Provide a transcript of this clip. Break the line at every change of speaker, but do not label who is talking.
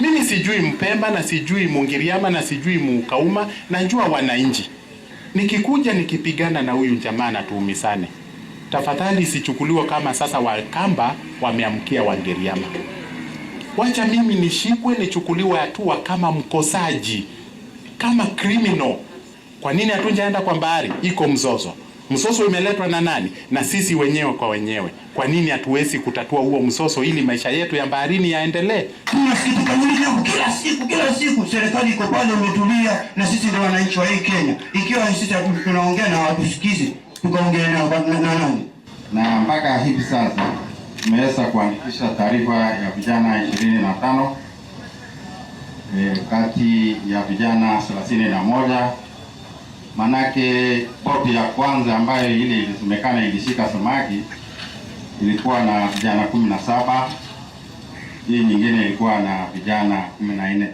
Mimi sijui Mpemba na sijui Mungiriama na sijui Muukauma, najua wananchi. Nikikuja nikipigana na huyu jamaa na tuumisane, tafadhali sichukuliwa kama sasa Wakamba wameamkia Wangiriama. Wacha mimi nishikwe, nichukuliwe hatua kama mkosaji, kama criminal. Kwa nini hatunjaenda kwa bahari? Iko mzozo. Msoso umeletwa na nani? Na sisi wenyewe kwa wenyewe. Kwa nini hatuwezi kutatua huo msoso ili maisha yetu ya baharini yaendelee?
Kila siku leo, kila siku kila siku serikali iko pale imetulia, na sisi ndio wananchi wa hii Kenya. Ikiwa sisi tunaongea na watusikizi, tukaongea na nani?
Na mpaka hivi sasa tumeweza kuandikisha taarifa ya vijana 25 eh, kati ya vijana 31 manake boti ya kwanza ambayo ile ilisemekana ilishika samaki ilikuwa na vijana kumi na saba hii nyingine ilikuwa na vijana kumi na nne.